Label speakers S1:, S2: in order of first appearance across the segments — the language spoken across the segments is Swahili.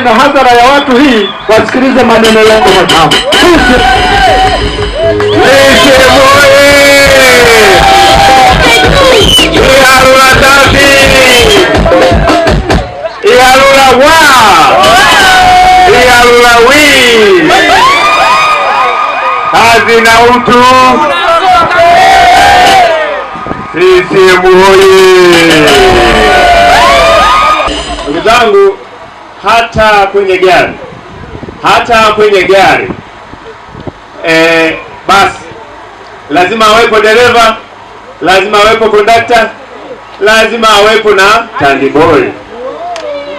S1: mbele na hadhara ya watu hii wasikilize maneno yako matamu. na utu sisiemu hoye, ndugu zangu hata kwenye gari, hata kwenye gari e, basi lazima awepo dereva, lazima awepo kondakta, lazima awepo na tandiboi.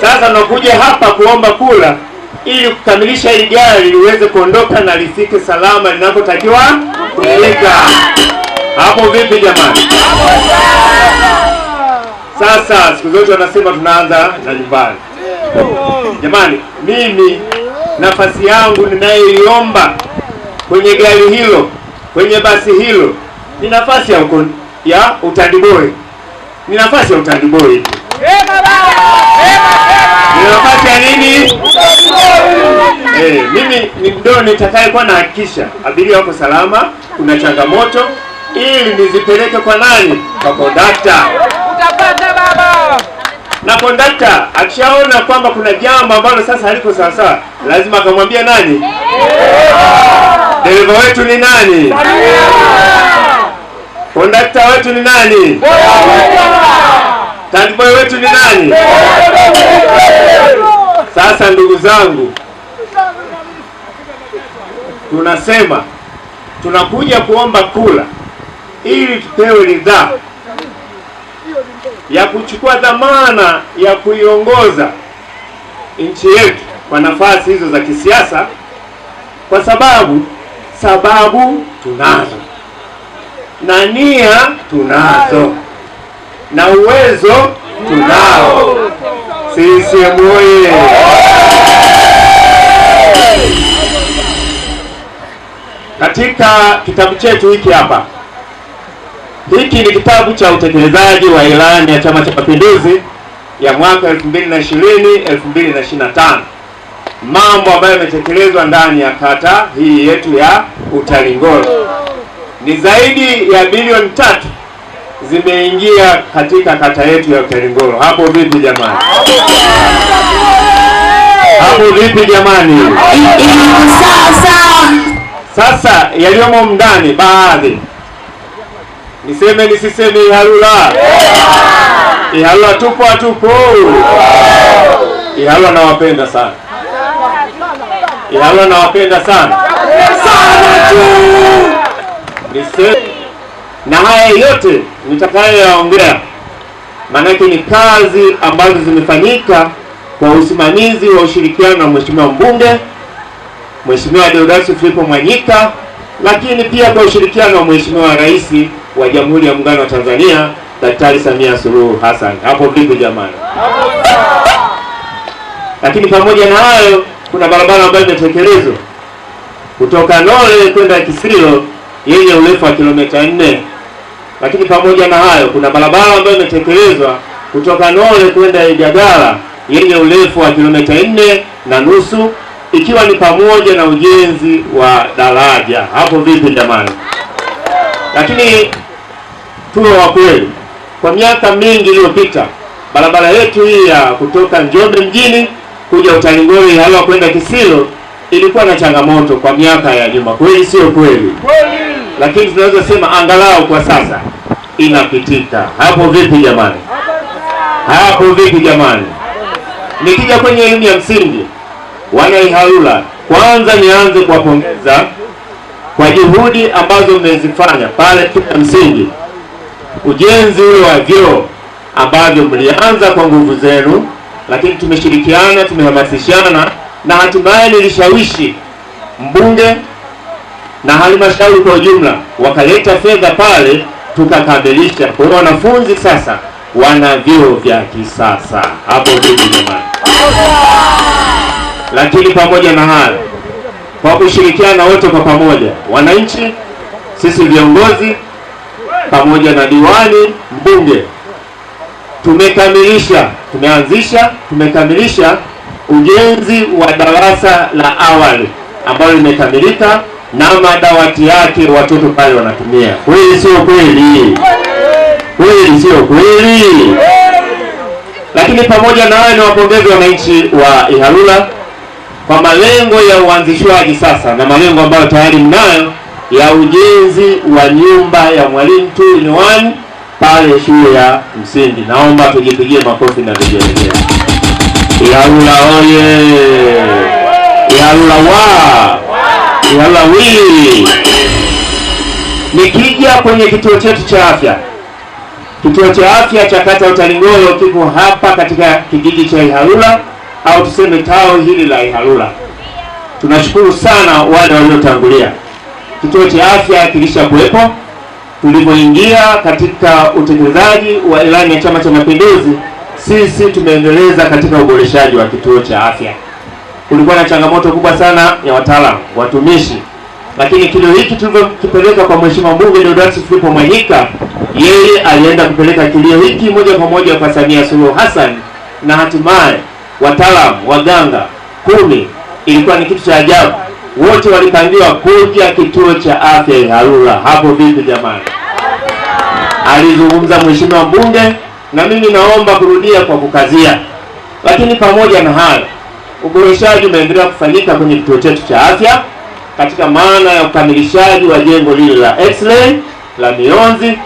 S1: Sasa nakuja hapa kuomba kula ili kukamilisha hili gari liweze kuondoka na lifike salama linapotakiwa kufika. Hapo vipi jamani? Sasa siku zote wanasema tunaanza na nyumbani. Jamani, mimi nafasi yangu ninayoiomba kwenye gari hilo, kwenye basi hilo ni nafasi ya uko, ya utandiboi, ni nafasi ya utandiboi, ni nafasi ya nini? Hey, eh, mimi ni ndio nitakayekuwa nahakikisha abiria wako salama, kuna changamoto ili nizipeleke kwa nani? Kwa kondakta. Utapata baba na kondakta akishaona kwamba kuna jambo ambalo sasa haliko sawasawa, lazima akamwambia nani? Dereva wetu ni nani? Kondakta wetu ni nani? Tanboy wetu ni nani? Sasa ndugu zangu, tunasema tunakuja kuomba kula ili tupewe ridhaa ya kuchukua dhamana ya kuiongoza nchi yetu kwa nafasi hizo za kisiasa, kwa sababu sababu tunazo na nia tunazo na uwezo tunao. CCM oye! Katika kitabu chetu hiki hapa hiki ni kitabu cha utekelezaji wa ilani ya Chama cha Mapinduzi ya mwaka 2020 2025, mambo ambayo yametekelezwa ndani ya kata hii yetu ya Utalingolo. Ni zaidi ya bilioni tatu zimeingia katika kata yetu ya Utalingolo. Hapo vipi jamani? Hapo vipi jamani? Sasa yaliyomo ndani baadhi Niseme nisiseme? Ihalula, yeah. Ihalula tupo atupo? yeah. Ihalula nawapenda sana, Ihalula nawapenda sana sana tu. Niseme na haya yote nitakayoyaongea, maanake ni kazi ambazo zimefanyika kwa usimamizi wa ushirikiano na mheshimiwa mbunge Mheshimiwa Deodatus Filipo Mwanyika, lakini pia kwa ushirikiano wa Mheshimiwa Rais wa Jamhuri ya Muungano wa Tanzania Daktari Samia Suluhu Hassan. Hapo vipi jamani? Lakini pamoja na hayo, kuna barabara ambayo imetekelezwa kutoka Nole kwenda Kisilo yenye urefu wa kilomita nne. Lakini pamoja na hayo, kuna barabara ambayo imetekelezwa kutoka Nole kwenda Ijagala yenye urefu wa kilomita nne na nusu ikiwa ni pamoja na ujenzi wa daraja. Hapo vipi jamani? Lakini tuwe wa kweli, kwa miaka mingi iliyopita barabara yetu hii ya kutoka Njombe mjini kuja Utalingoli halafu kwenda Kisilo ilikuwa na changamoto kwa miaka ya nyuma, kweli sio kweli? Lakini tunaweza sema angalau kwa sasa inapitika. Hapo vipi jamani? Hapo vipi jamani? Nikija kwenye elimu ya msingi, wanaihalula, kwanza nianze kuwapongeza kwa juhudi ambazo mmezifanya pale tu ya msingi, ujenzi ule wa vyoo ambavyo mlianza kwa nguvu zenu, lakini tumeshirikiana, tumehamasishana na hatimaye nilishawishi mbunge na halmashauri kwa ujumla, wakaleta fedha pale tukakamilisha. Kwa hiyo wanafunzi sasa wana vyoo vya kisasa hapo juu jamani. Lakini pamoja na hayo kwa kushirikiana wote kwa pamoja, wananchi, sisi viongozi pamoja na diwani, mbunge, tumekamilisha tumeanzisha tumekamilisha ujenzi wa darasa la awali ambalo limekamilika na madawati yake watoto pale wanatumia. Kweli sio kweli? Kweli sio kweli? Lakini pamoja na hayo, ni wapongezi wananchi wa Ihalula kwa malengo ya uanzishwaji sasa na malengo ambayo tayari mnayo ya ujenzi wa nyumba ya mwalimu Tuyu Nyoan pale shule ya msingi, naomba tujipigie makofi na vigelegele. Ilala oye! Ilala wa! Ilala wili! Nikija kwenye kituo chetu cha afya, kituo cha afya cha kata Utalingolo kiko hapa katika kijiji cha Ihalula au tuseme tao hili la Ihalula. Tunashukuru sana wale waliotangulia. Kituo cha afya kilishakuwepo. Tulipoingia katika utekelezaji wa ilani ya Chama cha Mapinduzi, sisi tumeendeleza katika uboreshaji wa kituo cha afya. Kulikuwa na changamoto kubwa sana ya wataalamu, watumishi, lakini kilio hiki tulivyokipeleka kwa Mheshimiwa Mbunge Deodatus Filipo Mwanyika, yeye alienda kupeleka kilio hiki moja kwa moja kwa Samia Suluhu Hassan na hatimaye wataalamu waganga kumi. Ilikuwa ni kitu cha ajabu, wote walipangiwa kuja kituo cha afya Ihalula. Hapo vipi jamani? Alizungumza mheshimiwa mbunge, na mimi naomba kurudia kwa kukazia. Lakini pamoja na hayo, uboreshaji umeendelea kufanyika kwenye kituo chetu cha afya katika maana ya ukamilishaji wa jengo lile la X-ray la mionzi,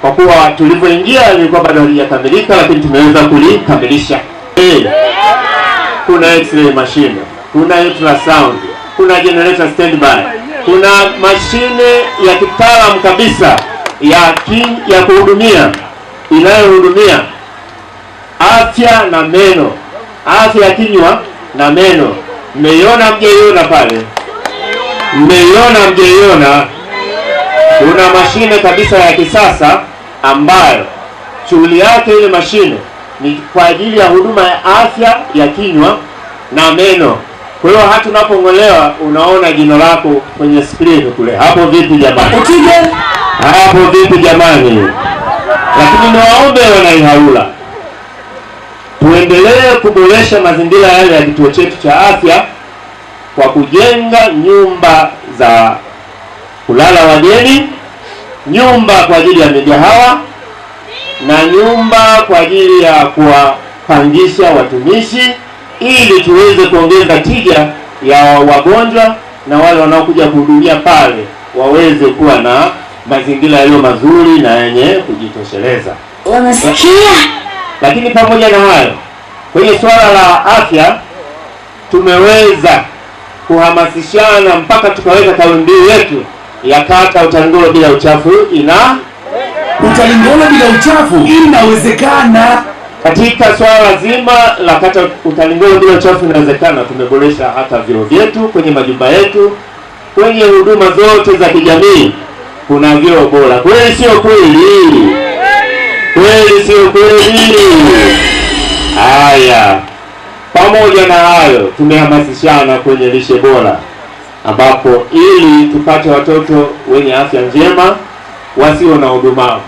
S1: kwa kuwa tulivyoingia lilikuwa bado halijakamilika, lakini tumeweza kulikamilisha hii kuna x-ray machine, kuna ultrasound, kuna generator standby, kuna mashine ya kitaalamu kabisa ya king, ya kuhudumia inayohudumia afya na meno, afya ya kinywa na meno. Mmeiona? Mjeiona pale? Mmeiona? Mjeiona? Kuna mashine kabisa ya kisasa ambayo shughuli yake ile mashine ni kwa ajili ya huduma ya afya ya kinywa na meno. Kwa hiyo hata unapong'olewa unaona jino lako kwenye screen kule. Hapo vipi jamani? Hapo vipi jamani? Lakini niwaombe wanaihaula, tuendelee kuboresha mazingira yale ya kituo chetu cha afya kwa kujenga nyumba za kulala wageni, nyumba kwa ajili ya migahawa na nyumba kwa ajili ya kuwapangisha watumishi ili tuweze kuongeza tija ya wagonjwa na wale wanaokuja kuhudumia pale waweze kuwa na mazingira yaliyo mazuri na yenye kujitosheleza. Unasikia? Lakini pamoja na hayo, kwenye suala la afya tumeweza kuhamasishana mpaka tukaweka kauli mbiu yetu ya kata Utanguro bila uchafu ina utalingolo bila uchafu inawezekana. Katika swala zima la kata utalingolo bila uchafu inawezekana, tumeboresha hata vyoo vyetu kwenye majumba yetu, kwenye huduma zote za kijamii kuna vyoo bora. Kweli sio kweli? Kweli sio kweli? Haya, pamoja na hayo, tumehamasishana kwenye lishe bora, ambapo ili tupate watoto wenye afya njema wasio na udumavu.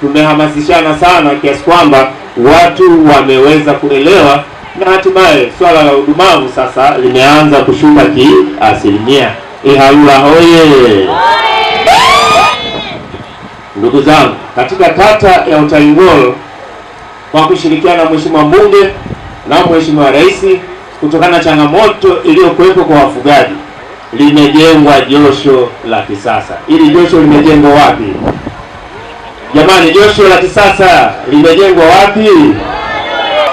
S1: Tumehamasishana sana kiasi kwamba watu wameweza kuelewa na hatimaye swala la udumavu sasa limeanza kushuka kiasilimia. Ihalula hoye! Ndugu zangu, katika kata ya Utaingolo kwa kushirikiana na mheshimiwa mbunge na mheshimiwa rais, kutokana na changamoto iliyokuwepo kwa wafugaji limejengwa josho la kisasa. ili josho limejengwa wapi jamani? Josho la kisasa limejengwa wapi?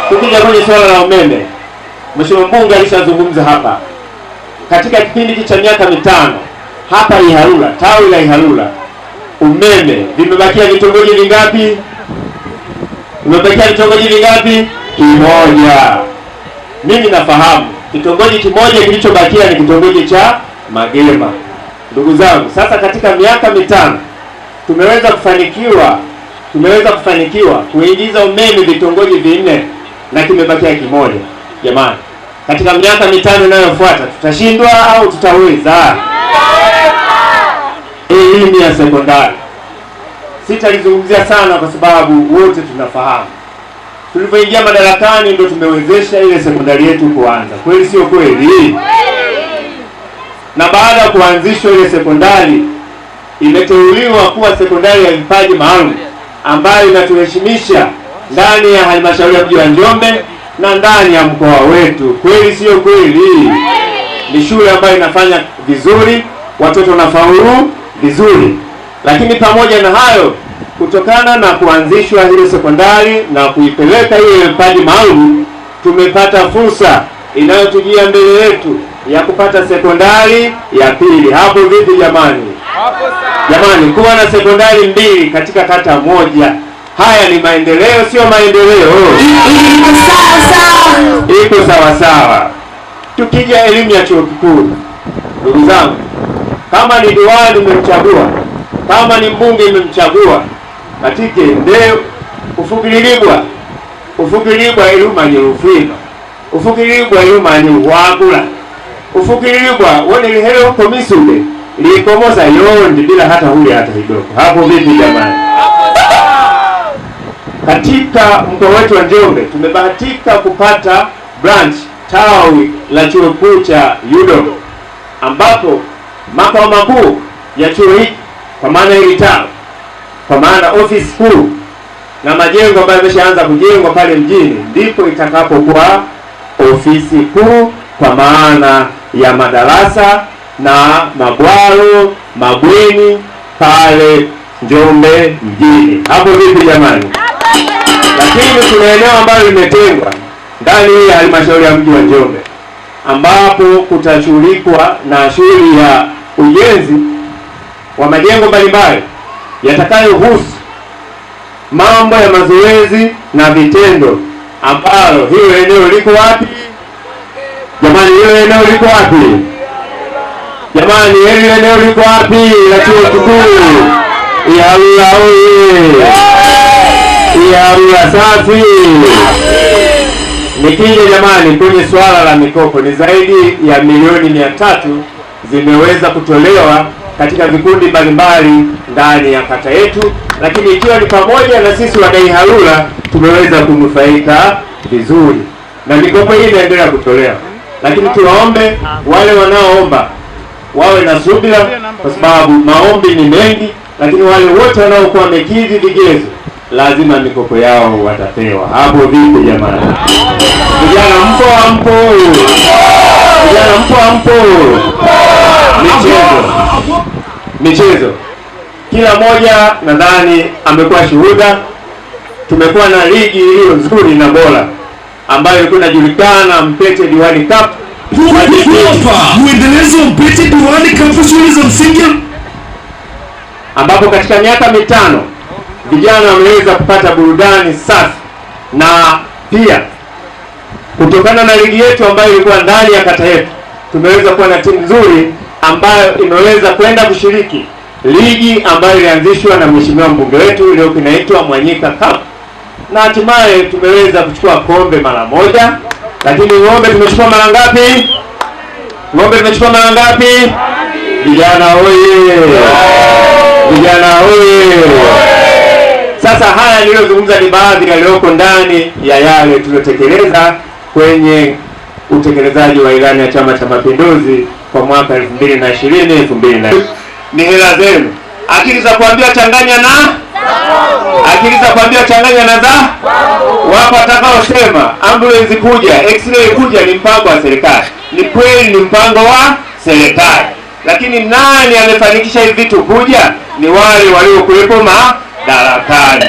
S1: Tukija kwenye swala la umeme, Mheshimiwa mbunge alishazungumza hapa, katika kipindi cha miaka mitano hapa Ihalula, tawi la Ihalula umeme vimebakia vitongoji vingapi? Vimebakia vitongoji vingapi? Kimoja. Mimi nafahamu Kitongoji kimoja kilichobakia ni kitongoji cha Magema. Ndugu zangu, sasa katika miaka mitano tumeweza kufanikiwa tumeweza kufanikiwa kuingiza umeme vitongoji vinne na kimebakia kimoja. Jamani, katika miaka mitano inayofuata tutashindwa au tutaweza? Elimu eh, ya sekondari sitalizungumzia sana, kwa sababu wote tunafahamu tulipoingia madarakani ndio tumewezesha ile sekondari yetu kuanza, kweli sio kweli? Na baada ya kuanzishwa ile sekondari imeteuliwa kuwa sekondari ya vipaji maalum ambayo inatuheshimisha ndani ya halmashauri ya mji wa Njombe na ndani ya mkoa wetu, kweli sio kweli? Ni shule ambayo inafanya vizuri, watoto wanafaulu vizuri, lakini pamoja na hayo kutokana na kuanzishwa hili sekondari na kuipeleka hiyo mpaji maalum, tumepata fursa inayotujia mbele yetu ya kupata sekondari ya pili. Hapo vipi jamani? Jamani, kuwa na sekondari mbili katika kata moja, haya ni maendeleo, sio maendeleo? Iko sawasawa. Tukija elimu ya chuo kikuu, ndugu zangu, kama ni diwani nimemchagua, kama ni mbunge nimemchagua matike kufukililigwa kufukililibwa ilumanyi lufwima kufukililibwa ilumanyi luhwakula kufukililibwa wone lihelo komisuke likomosa yondi bila hata huli hata kidogo. Hapo vipi jamani? Katika mkoa wetu wa Njombe tumebahatika kupata branch tawi la chuo kuu cha UDOM ambapo makao makuu ya chuo hiki kwa maana hili tawi kwa maana ofisi kuu na majengo ambayo yameshaanza kujengwa pale mjini, ndipo itakapokuwa ofisi kuu kwa maana ya madarasa na mabwalo mabweni pale Njombe mjini. Hapo vipi jamani? Lakini kuna eneo ambalo limetengwa ndani ya halmashauri ya mji wa Njombe ambapo kutashughulikwa na shughuli ya ujenzi wa majengo mbalimbali yatakayohusu mambo ya mazoezi na vitendo, ambalo hilo eneo liko wapi jamani? Hilo eneo liko wapi jamani? Hiyo eneo liko wapi la chuo kikuu Ihalula oye! safi! Nikija jamani kwenye suala la mikopo, ni zaidi ya milioni mia tatu zimeweza kutolewa katika vikundi mbalimbali ndani ya kata yetu, lakini ikiwa ni pamoja na sisi wadai harura tumeweza kunufaika vizuri, na mikopo hii inaendelea kutolewa, lakini tuwaombe wale wanaoomba wawe na subira, kwa sababu maombi ni mengi, lakini wale wote wanaokuwa wamekidhi vigezo lazima mikopo yao watapewa. Hapo vipi jamani? Vijana mpo mpo Vijana mpo mpo michezo. Kila mmoja nadhani amekuwa shuhuda, tumekuwa na ligi iliyo nzuri na bora ambayo ilikuwa inajulikana Mpete Diwani Cup. Mwendelezo Mpete Diwani Cup, shule za msingi, ambapo katika miaka mitano vijana wameweza kupata burudani safi na pia kutokana na ligi yetu ambayo ilikuwa ndani ya kata yetu tumeweza kuwa na timu nzuri ambayo imeweza kwenda kushiriki ligi ambayo ilianzishwa na mheshimiwa mbunge wetu leo inaitwa Mwanyika Cup, na hatimaye tumeweza kuchukua kombe mara moja. Lakini ng'ombe tumechukua mara ngapi? Ng'ombe tumechukua mara ngapi? Vijana oye! Vijana oye! Sasa haya niliyozungumza ni baadhi yaliyoko ndani ya yale tuliyotekeleza kwenye utekelezaji wa ilani ya Chama cha Mapinduzi kwa mwaka 2020 2020. Ni hela zenu. Akili za kuambia changanya na akili za kuambia changanya na za wapo watakaosema ambulance kuja, x-ray kuja ni mpango wa serikali. Ni kweli, ni mpango wa serikali, lakini nani amefanikisha hivi vitu kuja? Ni wale waliokuwepo madarakani.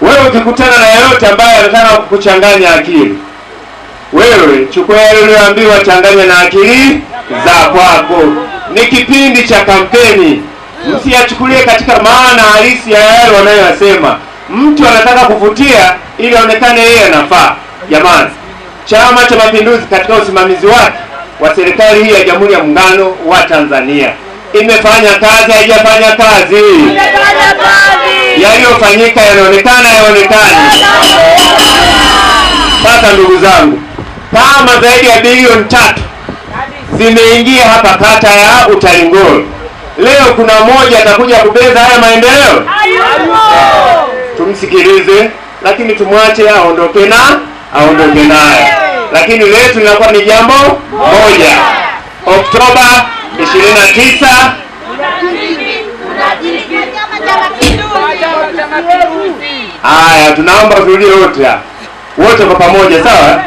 S1: Wewe ukikutana na yeyote ambaye anataka kukuchanganya akili wewe chukua yale uliyoambiwa, changanya na akili za kwako. Ni kipindi cha kampeni, msiyachukulie katika maana halisi ya yale wanayoyasema. Mtu anataka kuvutia ili aonekane yeye anafaa. Jamani, Chama cha Mapinduzi katika usimamizi wake wa serikali hii ya Jamhuri ya Muungano wa Tanzania imefanya kazi, haijafanya kazi? Yaliyofanyika yanaonekana, yaonekani? Sasa ndugu zangu kama zaidi ya bilioni tatu zimeingia hapa kata ya Utalingolo. Leo kuna mmoja atakuja kubeza haya maendeleo? Tumsikilize, lakini tumwache aondoke na aondoke naye, lakini letu linakuwa ni jambo moja. Oktoba 29 haya, tunaomba turudie wote wote kwa pamoja, sawa?